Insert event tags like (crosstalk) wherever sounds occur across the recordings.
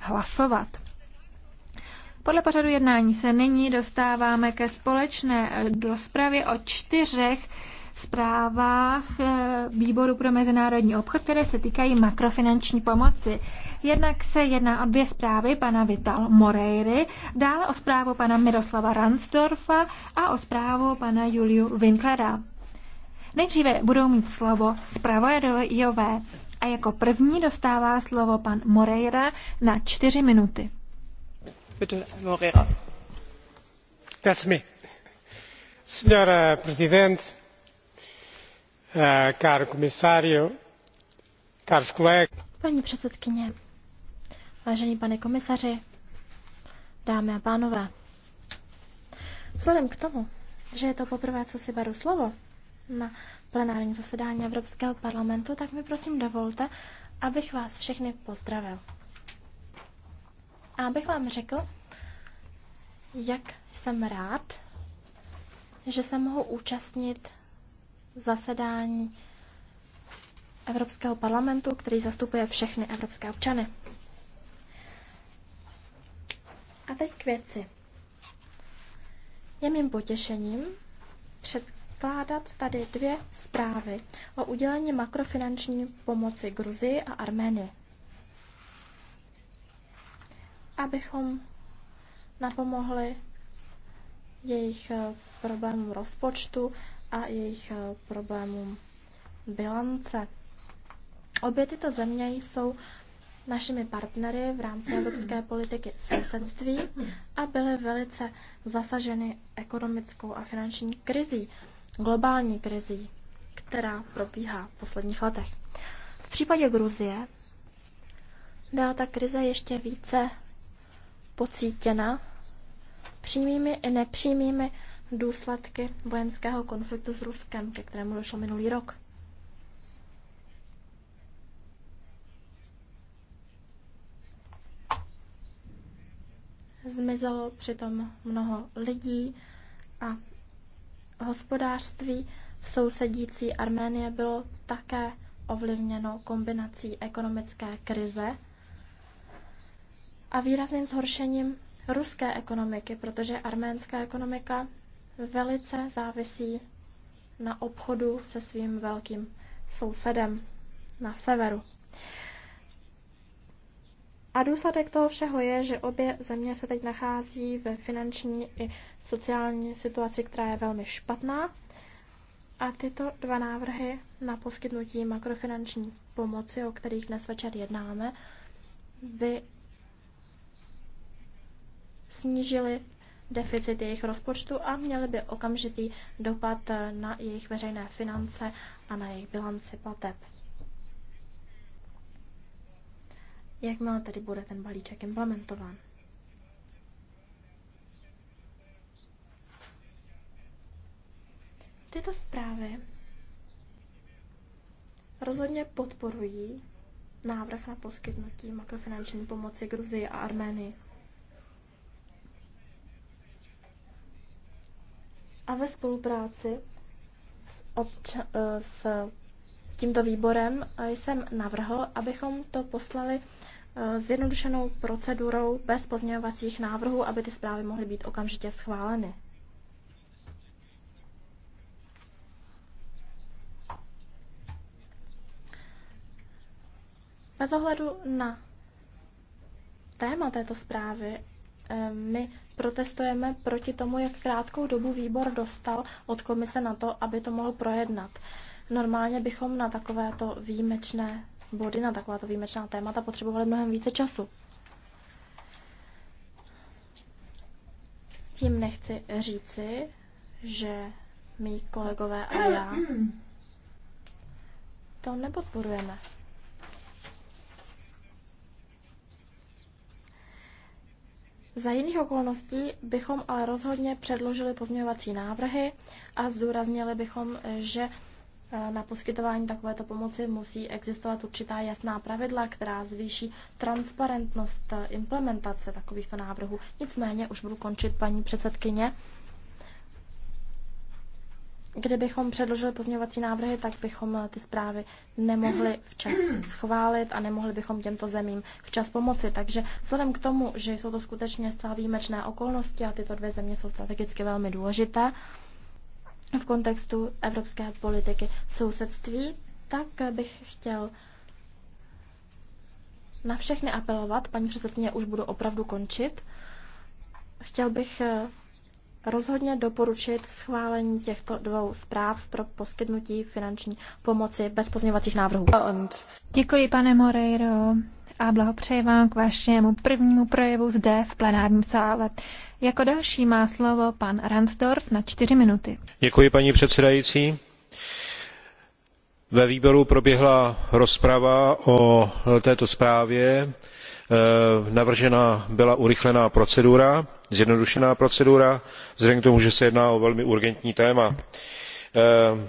hlasovat. Podle pořadu jednání se nyní dostáváme ke společné rozpravě eh, o čtyřech zprávách eh, Výboru pro mezinárodní obchod, které se týkají makrofinanční pomoci. Jednak se jedná o dvě zprávy pana Vital Moreiry, dále o zprávu pana Miroslava Ransdorfa a o zprávu pana Juliu Winklera. Nejdříve budou mít slovo zpravodajové. A jako první dostává slovo pan Moreira na čtyři minuty. Bitte, Moreira. That's me. Senhora President, eh, caro commissario, caro colegas. Paní předsedkyně, vážený pane komisaři, dámy a pánové. Vzhledem k tomu, že je to poprvé, co si beru slovo na plenární zasedání Evropského parlamentu, tak mi prosím dovolte, abych vás všechny pozdravil. A abych vám řekl, jak jsem rád, že se mohu účastnit zasedání Evropského parlamentu, který zastupuje všechny evropské občany. A teď k věci. Je mým potěšením před předkládat tady dvě zprávy o udělení makrofinanční pomoci Gruzii a Arménii. Abychom napomohli jejich eh, problémům rozpočtu a jejich eh, problémům bilance. Obě tyto země jsou našimi partnery v rámci evropské politiky sousedství a byly velice zasaženy ekonomickou a finanční krizí globální krizí, která probíhá v posledních letech. V případě Gruzie byla ta krize ještě více pocítěna přímými i nepřímými důsledky vojenského konfliktu s Ruskem, ke kterému došlo minulý rok. Zmizelo přitom mnoho lidí a Hospodářství v sousedící Arménie bylo také ovlivněno kombinací ekonomické krize a výrazným zhoršením ruské ekonomiky, protože arménská ekonomika velice závisí na obchodu se svým velkým sousedem na severu. A důsledek toho všeho je, že obě země se teď nachází ve finanční i sociální situaci, která je velmi špatná. A tyto dva návrhy na poskytnutí makrofinanční pomoci, o kterých dnes večer jednáme, by snížily deficit jejich rozpočtu a měly by okamžitý dopad na jejich veřejné finance a na jejich bilanci plateb. jakmile tedy bude ten balíček implementován. Tyto zprávy rozhodně podporují návrh na poskytnutí makrofinanční pomoci Gruzii a Arménii. A ve spolupráci s, obča- eh, s tímto výborem jsem navrhl, abychom to poslali e, zjednodušenou procedurou bez pozměňovacích návrhů, aby ty zprávy mohly být okamžitě schváleny. Bez ohledu na téma této zprávy, e, my protestujeme proti tomu, jak krátkou dobu výbor dostal od komise na to, aby to mohl projednat. Normálně bychom na takovéto výjimečné body, na takováto výjimečná témata potřebovali mnohem více času. Tím nechci říci, že mý kolegové a já to nepodporujeme. Za jiných okolností bychom ale rozhodně předložili pozměňovací návrhy a zdůraznili bychom, že Eh, na poskytování takovéto pomoci musí existovat určitá jasná pravidla, která zvýší transparentnost eh, implementace takovýchto návrhů. Nicméně už budu končit, paní předsedkyně. Kdybychom předložili pozměňovací návrhy, tak bychom eh, ty zprávy nemohli včas (clears throat) schválit a nemohli bychom těmto zemím včas pomoci. Takže vzhledem k tomu, že jsou to skutečně zcela výjimečné okolnosti a tyto dvě země jsou strategicky velmi důležité, v kontextu evropské politiky sousedství, tak bych chtěl na všechny apelovat. Paní předsedkyně, už budu opravdu končit. Chtěl bych eh, rozhodně doporučit schválení těchto dvou zpráv pro poskytnutí finanční pomoci bez pozměňovacích návrhů. Děkuji, pane Moreiro a blahopřeji vám k vašemu prvnímu projevu zde v plenárním sále. Jako další má slovo pan Ransdorf na čtyři minuty. Děkuji, paní předsedající. Ve výboru proběhla rozprava o této zprávě. Eh, Navržena byla urychlená procedura, zjednodušená procedura, vzhledem k tomu, že se jedná o velmi urgentní téma eh,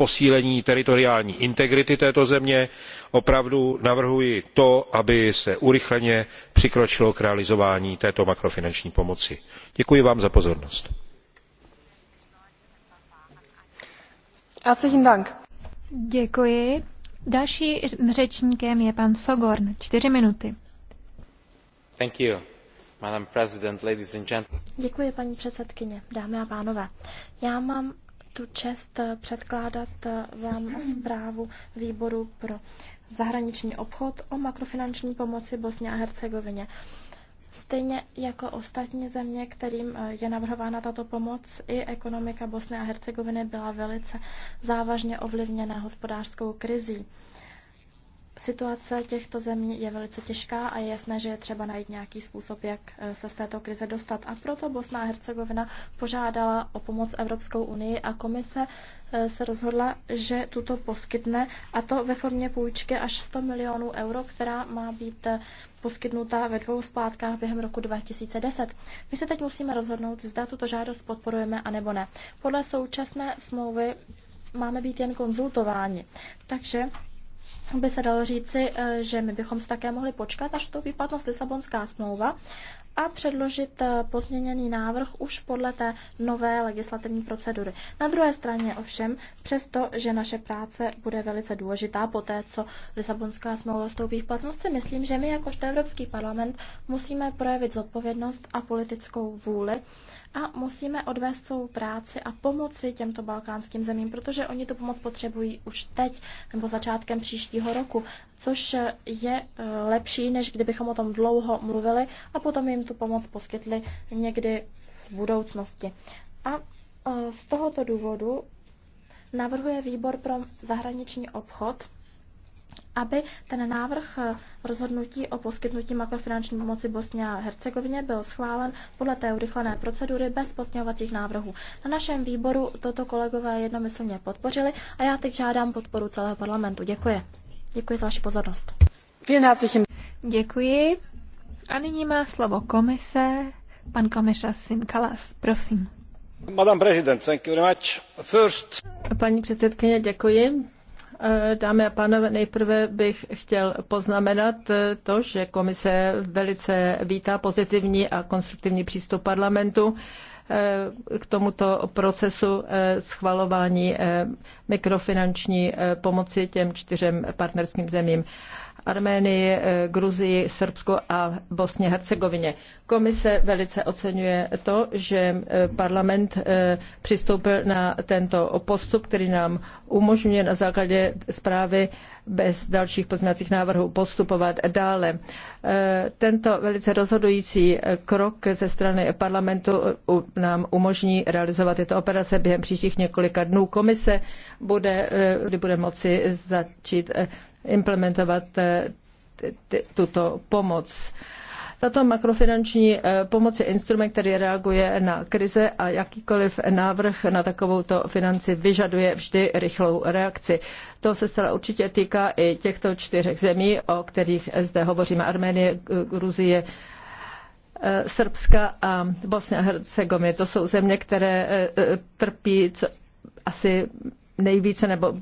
posílení teritoriální integrity této země opravdu navrhuji to aby se urychleně přikročilo k realizování této makrofinanční pomoci. děkuji vám za pozornost. Herzlichen Dank. Děkuji. Další řečníkem je pan Sogorn. Čtyři minuty. Thank you. Madam President, ladies and gentlemen. Děkuji, paní předsedkyně, dámy a pánové. Já mám tu čest eh, předkládat eh, vám zprávu výboru pro zahraniční obchod o makrofinanční pomoci Bosně a Hercegovině. Stejně jako ostatní země, kterým eh, je navrhována tato pomoc, i ekonomika Bosny a Hercegoviny byla velice závažně ovlivněna hospodářskou krizí. Situace těchto zemí je velice těžká a je jasné, že je třeba najít nějaký způsob, jak eh, se z této krize dostat. A proto Bosna a Hercegovina požádala o pomoc Evropskou unii a komise eh, se rozhodla, že tuto poskytne a to ve formě půjčky až 100 milionů euro, která má být eh, poskytnuta ve dvou splátkách během roku 2010. My se teď musíme rozhodnout, zda tuto žádost podporujeme a nebo ne. Podle současné smlouvy máme být jen konzultováni. Takže by se dalo říci, eh, že my bychom se také mohli počkat, až to platnost Lisabonská smlouva a předložit eh, pozměněný návrh už podle té nové legislativní procedury. Na druhé straně ovšem, přesto, že naše práce bude velice důležitá po té, co Lisabonská smlouva vstoupí v platnost, si myslím, že my jakožto Evropský parlament musíme projevit zodpovědnost a politickou vůli a musíme odvést svou práci a pomoci těmto balkánským zemím, protože oni tu pomoc potřebují už teď nebo začátkem příštího příštího roku, což je eh, lepší, než kdybychom o tom dlouho mluvili a potom jim tu pomoc poskytli někdy v budoucnosti. A eh, z tohoto důvodu navrhuje výbor pro zahraniční obchod, aby ten návrh eh, rozhodnutí o poskytnutí makrofinanční pomoci Bosně a Hercegovině byl schválen podle té urychlené procedury bez posměňovacích návrhů. Na našem výboru toto kolegové jednomyslně podpořili a já teď žádám podporu celého parlamentu. Děkuji. Děkuji za vaši pozornost. Děkuji. A nyní má slovo komise, pan komisař Sinkalas. Prosím. Madame President, thank you very much. First... Paní předsedkyně, děkuji. Eh, dámy a pánové, nejprve bych chtěl poznamenat eh, to, že komise velice vítá pozitivní a konstruktivní přístup parlamentu Eh, k tomuto procesu eh, schvalování eh, mikrofinanční pomoci těm čtyřem partnerským zemím. Arménii, eh, Gruzii, Srbsku a Bosně Hercegovině. Komise velice oceňuje to, že eh, parlament eh, přistoupil na tento postup, který nám umožňuje na základě zprávy bez dalších pozměňovacích návrhů postupovat dále. Tento velice rozhodující krok ze strany parlamentu nám umožní realizovat tyto operace během příštích několika dnů. Komise bude, kdy bude moci začít implementovat eh, tuto pomoc. Tato makrofinanční eh, pomoc je instrument, který reaguje na krize a jakýkoliv návrh na takovouto financi vyžaduje vždy rychlou reakci. To se zcela určitě týká i těchto čtyřech zemí, o kterých zde hovoříme. Arménie, Gruzie, eh, Srbska a Bosna a Hercegovina. To jsou země, které trpí asi nejvíce nebo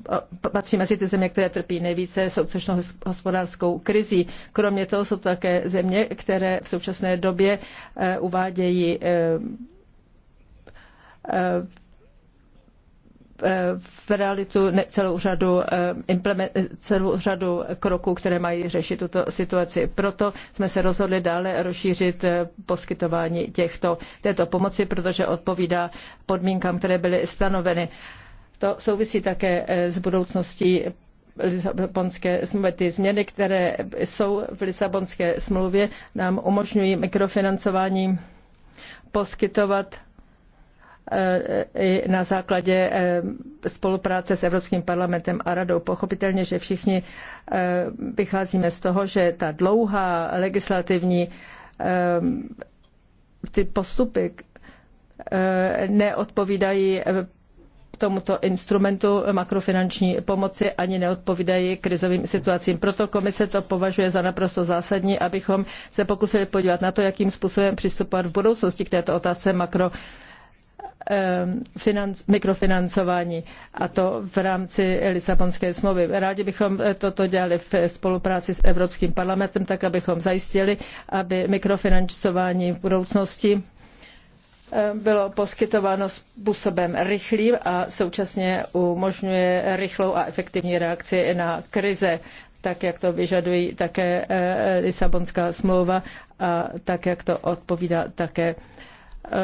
eh, patří mezi ty země, které trpí nejvíce současnou hospodářskou krizí. Kromě toho jsou to také země, které v současné době eh, uvádějí eh, v realitu celou řadu, celou řadu kroků, které mají řešit tuto situaci. Proto jsme se rozhodli dále rozšířit poskytování těchto, této pomoci, protože odpovídá podmínkám, které byly stanoveny. To souvisí také eh, s budoucností Lisabonské smlouvy. Ty změny, které jsou v Lisabonské smlouvě, nám umožňují mikrofinancování poskytovat eh, i na základě eh, spolupráce s Evropským parlamentem a radou. Pochopitelně, že všichni vycházíme z toho, že ta dlouhá legislativní ty postupy neodpovídají tomuto instrumentu makrofinanční pomoci ani neodpovídají krizovým situacím. Proto komise to považuje za naprosto zásadní, abychom se pokusili podívat na to, jakým způsobem přistupovat v budoucnosti k této otázce makro ehm, Financ, mikrofinancování a to v rámci Lisabonské smlouvy. Rádi bychom eh, toto dělali v spolupráci s Evropským parlamentem, tak abychom zajistili, aby mikrofinancování v budoucnosti Eh, bylo poskytováno způsobem rychlým a současně umožňuje rychlou a efektivní reakci na krize, tak jak to vyžadují také eh, Lisabonská smlouva a tak jak to odpovídá také eh,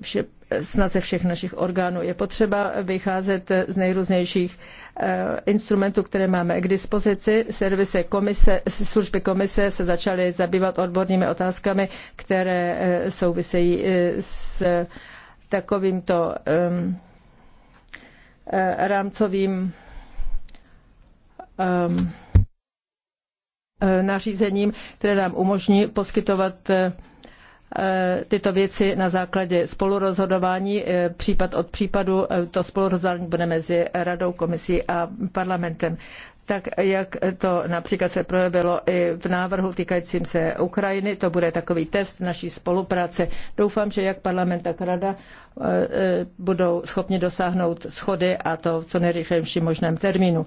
vše snaze všech našich orgánů. Je potřeba vycházet z nejrůznějších eh, instrumentů, které máme k dispozici. Servise komise, služby komise se začaly zabývat odbornými otázkami, které eh, souvisejí eh, s takovýmto ehm, rámcovým ehm, nařízením, které nám umožní poskytovat Eh, tyto věci na základě spolurozhodování eh, případ od případu. Eh, to spolurozhodování bude mezi radou, komisí a parlamentem tak jak to například se projevilo i v návrhu týkajícím se Ukrajiny. To bude takový test naší spolupráce. Doufám, že jak parlament, tak rada budou schopni dosáhnout schody a to v co nejrychlejším možném termínu.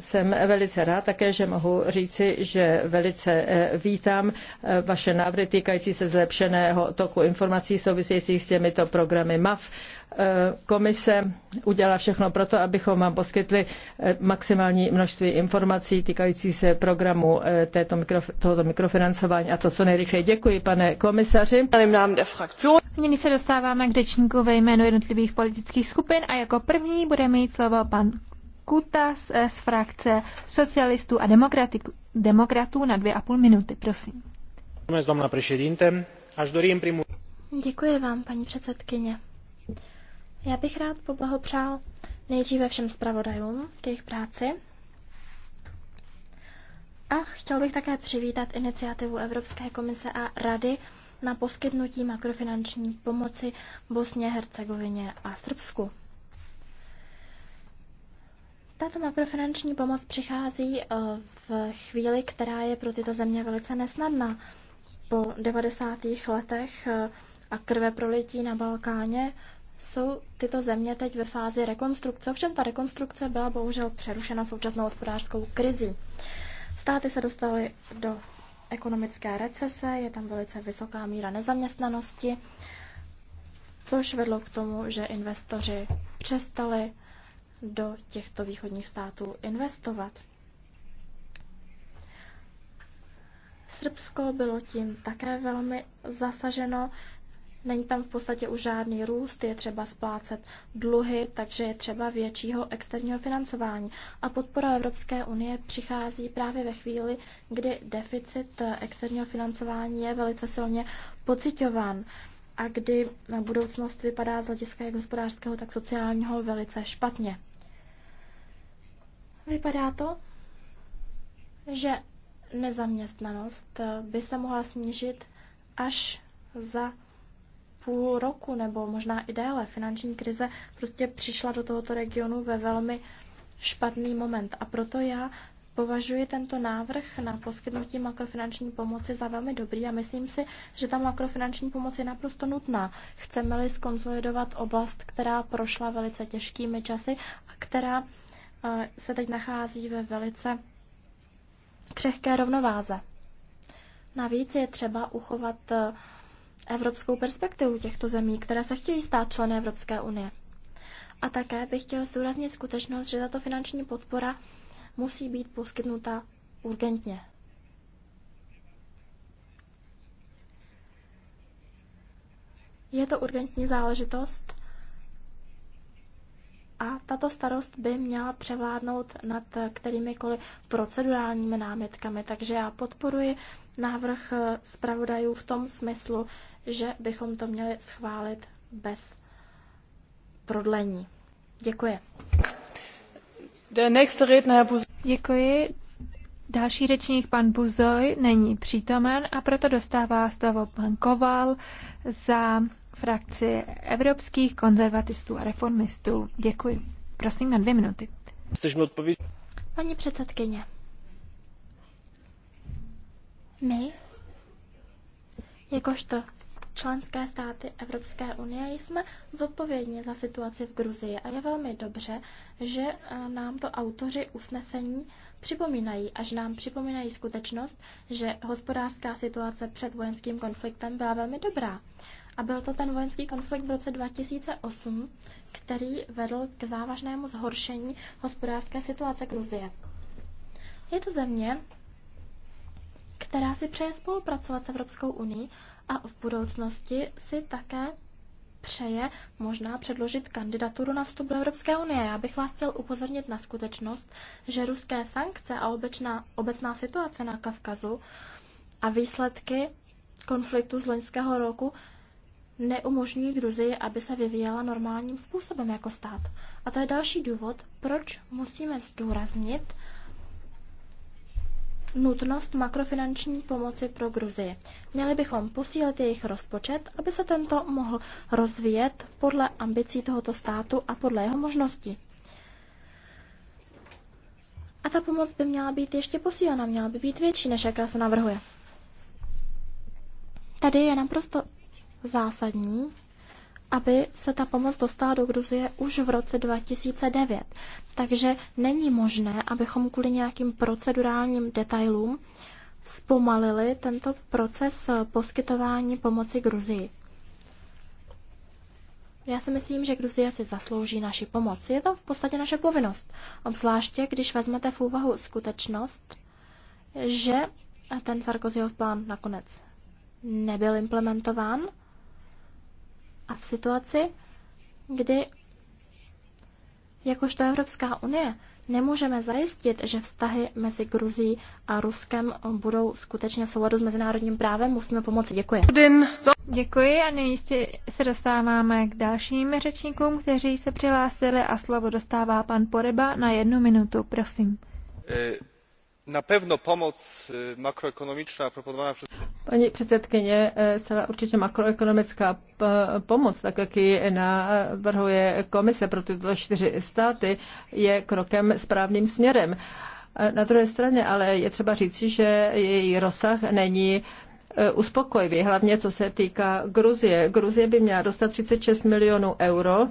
Jsem velice rád také, že mohu říci, že velice eh, vítám eh, vaše návrhy týkající se zlepšeného toku informací souvisejících s těmito programy MAF. Eh, komise udělá všechno proto, abychom vám poskytli maximální množství informací týkající se programu této mikro, tohoto mikrofinancování a to co nejrychleji. Děkuji, pane komisaři. Nyní se dostáváme k dečníku ve jménu jednotlivých politických skupin a jako první bude mít slovo pan z, eh, z frakce socialistů a demokratů na dvě a půl minuty, prosím. Děkuji vám, paní předsedkyně. Já bych rád poblahopřál nejdříve všem zpravodajům k jejich práci a chtěl bych také přivítat iniciativu Evropské komise a Rady na poskytnutí makrofinanční pomoci Bosně, Hercegovině a Srbsku. Tato makrofinanční pomoc přichází eh, v chvíli, která je pro tyto země velice nesnadná. Po 90. letech eh, a krve prolití na Balkáně jsou tyto země teď ve fázi rekonstrukce. Ovšem ta rekonstrukce byla bohužel přerušena současnou hospodářskou krizí. Státy se dostaly do ekonomické recese, je tam velice vysoká míra nezaměstnanosti, což vedlo k tomu, že investoři přestali do těchto východních států investovat. Srbsko bylo tím také velmi zasaženo. Není tam v podstatě už žádný růst, je třeba splácet dluhy, takže je třeba většího externího financování. A podpora Evropské unie přichází právě ve chvíli, kdy deficit externího financování je velice silně pocitován a kdy na budoucnost vypadá z hlediska jak hospodářského, tak sociálního velice špatně. Vypadá to, že nezaměstnanost eh, by se mohla snížit až za půl roku nebo možná i déle. Finanční krize prostě přišla do tohoto regionu ve velmi špatný moment. A proto já považuji tento návrh na poskytnutí makrofinanční pomoci za velmi dobrý a myslím si, že ta makrofinanční pomoc je naprosto nutná. Chceme-li skonsolidovat oblast, která prošla velice těžkými časy a která Eh, se teď nachází ve velice křehké rovnováze. Navíc je třeba uchovat eh, evropskou perspektivu těchto zemí, které se chtějí stát členy Evropské unie. A také bych chtěl zdůraznit skutečnost, že tato finanční podpora musí být poskytnuta urgentně. Je to urgentní záležitost a tato starost by měla převládnout nad kterýmikoliv procedurálními námitkami. Takže já podporuji návrh zpravodajů v tom smyslu, že bychom to měli schválit bez prodlení. Děkuji. Der nächste Redner, Děkuji. Další řečník pan Buzoj není přítomen a proto dostává slovo pan Koval za frakci evropských konzervatistů a reformistů. Děkuji. Prosím na dvě minuty. Chceš mi odpovědět? Paní předsedkyně, my, jakožto členské státy Evropské unie, jsme zodpovědní za situaci v Gruzii a je velmi dobře, že eh, nám to autoři usnesení připomínají, až nám připomínají skutečnost, že hospodářská situace před vojenským konfliktem byla velmi dobrá. A byl to ten vojenský konflikt v roce 2008, který vedl k závažnému zhoršení hospodářské situace Gruzie. Je to země, která si přeje spolupracovat s Evropskou unii a v budoucnosti si také přeje možná předložit kandidaturu na vstup do Evropské unie. Já bych vás chtěl upozornit na skutečnost, že ruské sankce a obecná, obecná situace na Kavkazu a výsledky konfliktu z loňského roku neumožňují Gruzii, aby se vyvíjela normálním způsobem jako stát. A to je další důvod, proč musíme zdůraznit nutnost makrofinanční pomoci pro Gruzii. Měli bychom posílit jejich rozpočet, aby se tento mohl rozvíjet podle ambicí tohoto státu a podle jeho možností. A ta pomoc by měla být ještě posílena, měla by být větší, než jaká se navrhuje. Tady je naprosto zásadní, aby se ta pomoc dostala do Gruzie už v roce 2009. Takže není možné, abychom kvůli nějakým procedurálním detailům zpomalili tento proces poskytování pomoci Gruzii. Já si myslím, že Gruzie si zaslouží naši pomoc. Je to v podstatě naše povinnost, obzvláště když vezmete v úvahu skutečnost, že ten Sarkozyho plán nakonec nebyl implementován a v situaci, kdy jakožto Evropská unie nemůžeme zajistit, že vztahy mezi Gruzí a Ruskem budou skutečně v souladu s mezinárodním právem, musíme pomoci. Děkuji. Děkuji a nyní se dostáváme k dalším řečníkům, kteří se přihlásili a slovo dostává pan Poreba na jednu minutu. Prosím. Eh, na pewno pomoc makroekonomiczna proponowana przez Paní předsedkyně, e, celá určitě makroekonomická pomoc, tak jak ji navrhuje komise pro tyto čtyři státy, je krokem správným směrem. E, na druhé straně ale je třeba říci, že její rozsah není e, uspokojivý, hlavně co se týká Gruzie. Gruzie by měla dostat 36 milionů euro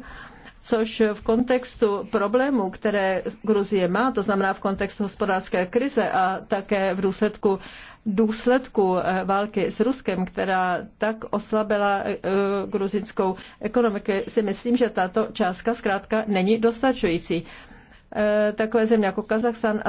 což v kontextu problémů, které Gruzie má, to znamená v kontextu hospodářské krize a také v důsledku důsledku eh, války s Ruskem, která tak oslabila eh, gruzinskou ekonomiku, si myslím, že tato částka zkrátka není dostačující eh, takové země jako Kazachstan,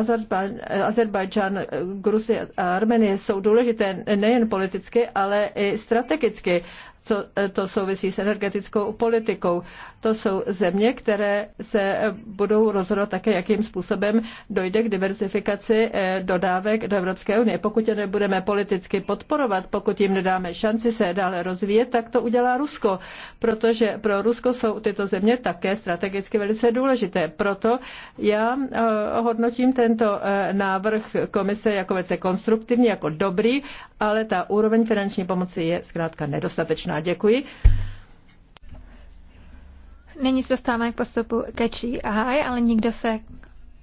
Azerbajdžán, Gruzie a Armenie jsou důležité nejen politicky, ale i strategicky co eh, to souvisí s energetickou politikou. To jsou země, které se budou rozhodovat také, jakým způsobem dojde k diversifikaci eh, dodávek do Evropské unie. Pokud je nebudeme politicky podporovat, pokud jim nedáme šanci se dále rozvíjet, tak to udělá Rusko, protože pro Rusko jsou tyto země také strategicky velice důležité. Proto já eh, hodnotím tento návrh komise jako velice konstruktivní, jako dobrý, ale ta úroveň finanční pomoci je zkrátka nedostatečná stručná. Děkuji. Nyní se dostáváme k postupu kečí a haj, ale nikdo se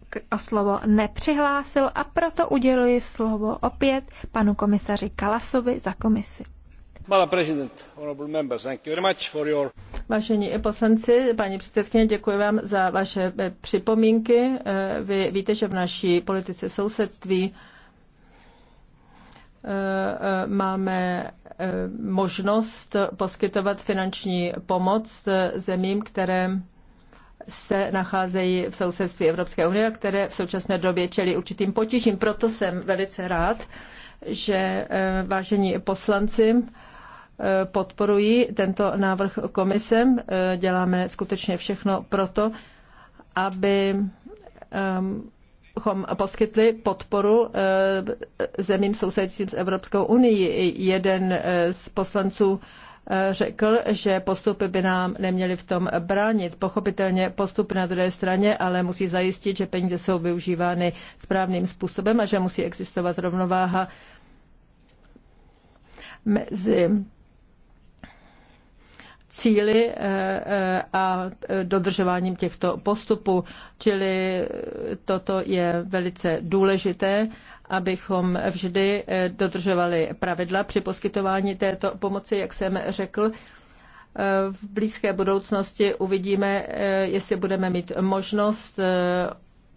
k, o slovo nepřihlásil a proto uděluji slovo opět panu komisaři Kalasovi za komisi. Vážení poslanci, paní předsedkyně, děkuji vám za vaše eh, připomínky. Eh, vy víte, že v naší politice sousedství Eh, eh, máme eh, možnost poskytovat finanční pomoc zemím, které se nacházejí v sousedství Evropské unie, které v současné době čelí určitým potížím. Proto jsem velice rád, že vážení poslanci podporují tento návrh komisem. Děláme skutečně všechno proto, aby ehm, abychom poskytli podporu eh, zemím sousedícím s Evropskou unii. Jeden eh, z poslanců eh, řekl, že postupy by nám neměly v tom bránit. Pochopitelně postup na druhé straně, ale musí zajistit, že peníze jsou využívány správným způsobem a že musí existovat rovnováha mezi cíly eh, eh, a eh, dodržováním těchto postupů. Čili toto je velice důležité, abychom vždy dodržovali pravidla při poskytování této pomoci, jak jsem řekl. V blízké budoucnosti uvidíme, jestli budeme mít možnost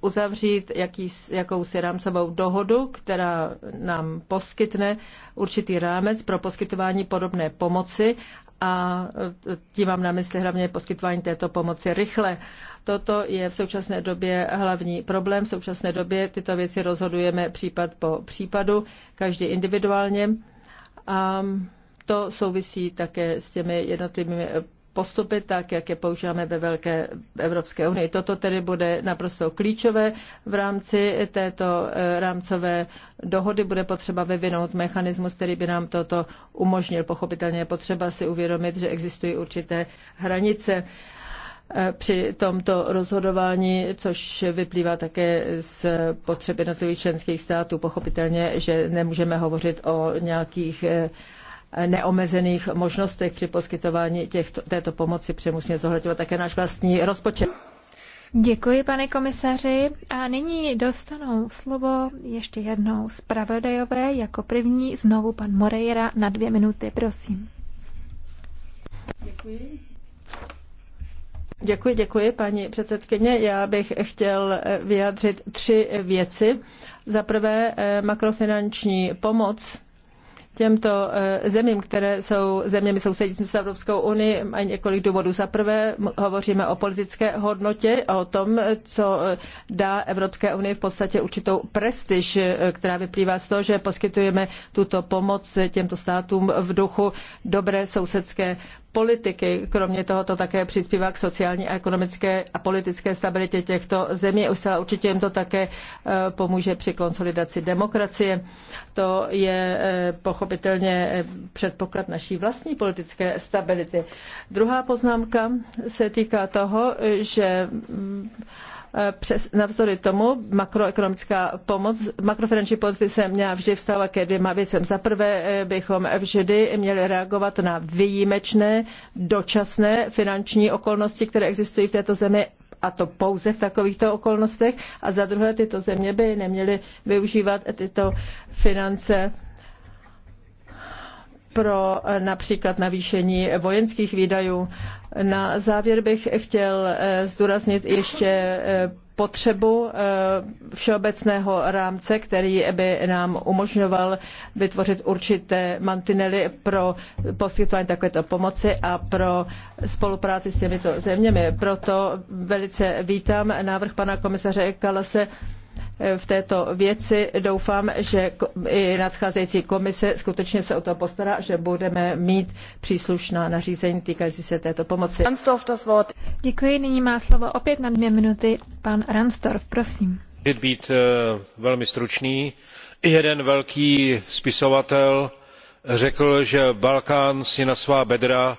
uzavřít jaký, jakousi rámcovou dohodu, která nám poskytne určitý rámec pro poskytování podobné pomoci a e, tím mám na mysli hlavně poskytování této pomoci rychle. Toto je v současné době hlavní problém. V současné době tyto věci rozhodujeme případ po případu, každý individuálně. A to souvisí také s těmi jednotlivými postupy tak, jak je používáme ve Velké Evropské unii. Toto tedy bude naprosto klíčové. V rámci této eh, rámcové dohody bude potřeba vyvinout mechanismus, který by nám toto umožnil. Pochopitelně je potřeba si uvědomit, že existují určité hranice eh, při tomto rozhodování, což vyplývá také z potřeby jednotlivých členských států. Pochopitelně, že nemůžeme hovořit o nějakých eh, neomezených možnostech při poskytování těchto, této pomoci, protože musíme zohledňovat také náš vlastní rozpočet. Děkuji, pane komisaři. A nyní dostanou slovo ještě jednou zpravodajové jako první znovu pan Moreira na dvě minuty, prosím. Děkuji. Děkuji, děkuji, paní předsedkyně. Já bych chtěl eh, vyjádřit tři věci. Za prvé eh, makrofinanční pomoc těmto eh, zemím, které jsou zeměmi sousedící s Evropskou unii, mají několik důvodů. Za prvé hovoříme o politické hodnotě, o tom, eh, co eh, dá Evropské unii v podstatě určitou prestiž, která vyplývá z toho, že poskytujeme tuto pomoc těmto státům v duchu dobré sousedské politiky. Kromě toho to také přispívá k sociální a ekonomické a politické stabilitě těchto zemí. Už určitě jim to také eh, pomůže při konsolidaci demokracie. To je eh, pochopitelně eh, předpoklad naší vlastní politické stability. Druhá poznámka se týká toho, že mm, Eh, přes, navzdory tomu makroekonomická pomoc, makrofinanční pomoc by se měla vždy vztahovat ke dvěma věcem. Za prvé eh, bychom vždy měli reagovat na výjimečné, dočasné finanční okolnosti, které existují v této zemi a to pouze v takovýchto okolnostech. A za druhé tyto země by neměly využívat tyto finance pro eh, například navýšení vojenských výdajů. Na závěr bych chtěl eh, zdůraznit ještě eh, potřebu všeobecného rámce, který by nám umožňoval vytvořit určité mantinely pro poskytování takovéto pomoci a pro spolupráci s těmito zeměmi. Proto velice vítám návrh pana komisaře Kalase v této věci. Doufám, že i nadcházející komise skutečně se o to postará, že budeme mít příslušná nařízení týkající se této pomoci. Ransdorf, das Wort. Děkuji, nyní má slovo opět na dvě minuty pan Ransdorf, prosím. Můžu být eh, velmi stručný. Jeden velký spisovatel řekl, že Balkán si na svá bedra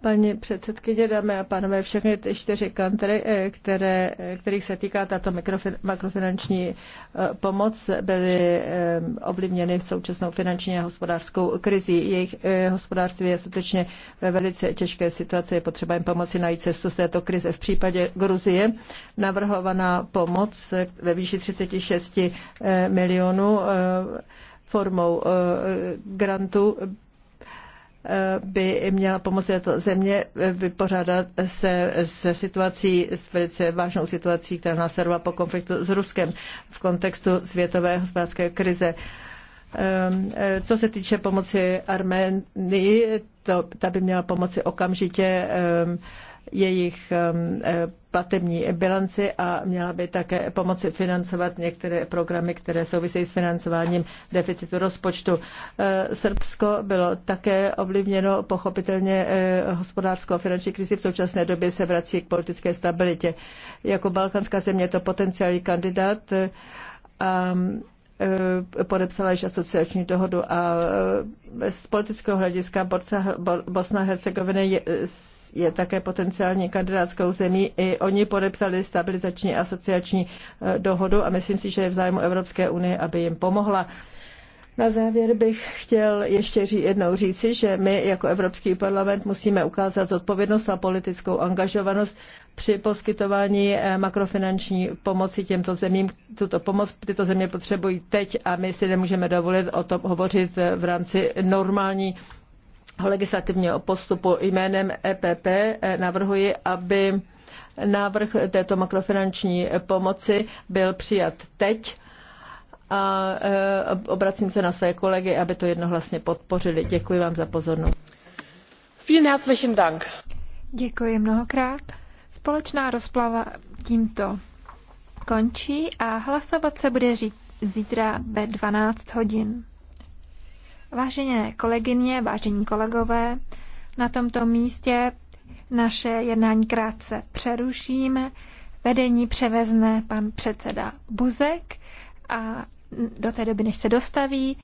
Paní předsedkyně, dámy a pánové, všechny ty čtyři kantry, eh, které, eh, kterých se týká tato makrofinanční eh, pomoc, byly ovlivněny v současnou finanční a hospodářskou krizi. Jejich hospodářství je skutečně ve velice těžké situaci. Je potřeba jim pomoci najít cestu z této krize. V případě Gruzie navrhovaná pomoc ve výši 36 milionů formou grantu Eh, by měla pomoci této země eh, vypořádat se se situací, s velice vážnou situací, která následovala po konfliktu s Ruskem v kontextu světové hospodářské krize. Ehm, eh, co se týče pomoci Arménii, to, ta by měla pomoci okamžitě ehm, jejich um, eh, platební bilanci a měla by také pomoci financovat některé programy, které souvisejí s financováním deficitu rozpočtu. Eh, Srbsko bylo také ovlivněno pochopitelně eh, hospodářskou a finanční krizi. V současné době se vrací k politické stabilitě. Jako balkanská země je to potenciální kandidát a podepsala již asociační dohodu a z politického hlediska Bosna a Hercegovina je, je také potenciálně kandidátskou zemí. I oni podepsali stabilizační asociační eh, dohodu a myslím si, že je v zájmu Evropské unie, aby jim pomohla. Na závěr bych chtěl ještě jednou říci, že my jako Evropský parlament musíme ukázat zodpovědnost a politickou angažovanost při poskytování eh, makrofinanční pomoci těmto zemím. Tuto pomoc tyto země potřebují teď a my si nemůžeme dovolit o tom hovořit eh, v rámci normální legislativního postupu jménem EPP eh, navrhuji, aby návrh této makrofinanční pomoci byl přijat teď a eh, obracím se na své kolegy, aby to jednohlasně podpořili. Děkuji vám za pozornost. Vielen herzlichen Dank. Děkuji mnohokrát. Společná rozplava tímto končí a hlasovat se bude říct zítra ve 12 hodin. Vážené kolegyně, vážení kolegové, na tomto místě naše jednání krátce přerušíme. Vedení převezne pan předseda Buzek a do té doby, než se dostaví,